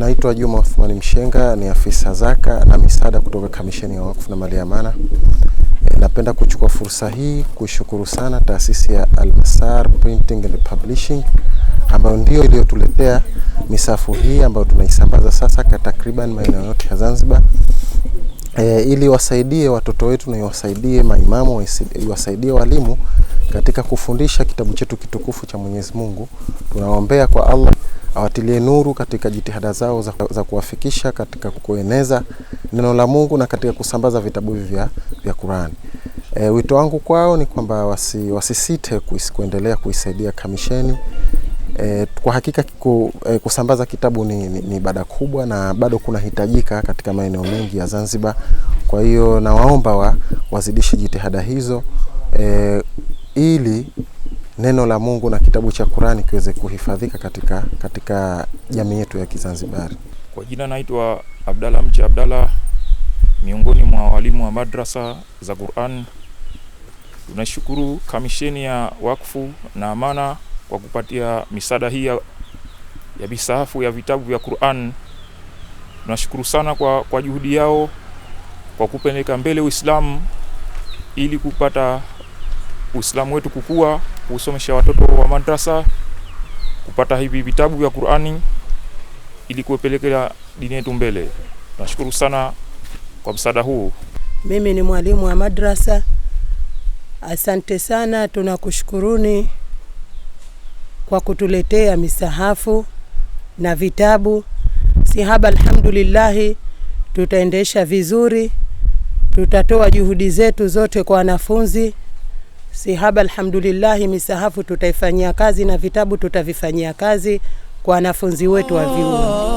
Naitwa Juma Othmani Mshenga, ni afisa zaka na misaada kutoka Kamisheni ya Wakfu na Mali ya Amana. E, napenda kuchukua fursa hii kuishukuru sana taasisi ya Almasar Printing and Publishing ambayo ndio iliyotuletea misafu hii ambayo tunaisambaza sasa kwa takriban maeneo yote ya Zanzibar. E, ili wasaidie watoto wetu na iwasaidie maimamu, iwasaidie walimu katika kufundisha kitabu chetu kitukufu cha Mwenyezi Mungu. Tunaombea kwa Allah awatilie nuru katika jitihada zao za, za kuwafikisha katika kueneza neno la Mungu na katika kusambaza vitabu hivi vya, vya Qur'ani. E, wito wangu kwao ni kwamba wasi, wasisite kuendelea kuisaidia kamisheni. E, kwa hakika kiku, e, kusambaza kitabu ni, ni, ni ibada kubwa na bado kunahitajika katika maeneo mengi ya Zanzibar. Kwa hiyo nawaomba wa, wazidishe jitihada hizo e, ili neno la Mungu na kitabu cha Qur'ani kiweze kuhifadhika katika, katika jamii yetu ya Kizanzibari. Kwa jina naitwa Abdalla Mche Abdalla, miongoni mwa walimu wa madrasa za Qur'an. Tunashukuru kamisheni ya wakfu na amana kwa kupatia misaada hii ya misahafu ya vitabu vya Qur'an. Tunashukuru sana kwa, kwa juhudi yao kwa kupeleka mbele Uislamu ili kupata Uislamu wetu kukua kusomesha watoto wa madrasa, kupata hivi vitabu vya Qur'ani ili kuipelekea dini yetu mbele. Nashukuru sana kwa msaada huu. Mimi ni mwalimu wa madrasa. Asante sana, tunakushukuruni kwa kutuletea misahafu na vitabu sihaba. Alhamdulillahi, tutaendesha vizuri, tutatoa juhudi zetu zote kwa wanafunzi. Sihaba alhamdulillah, misahafu tutaifanyia kazi na vitabu tutavifanyia kazi kwa wanafunzi wetu wa vyuo.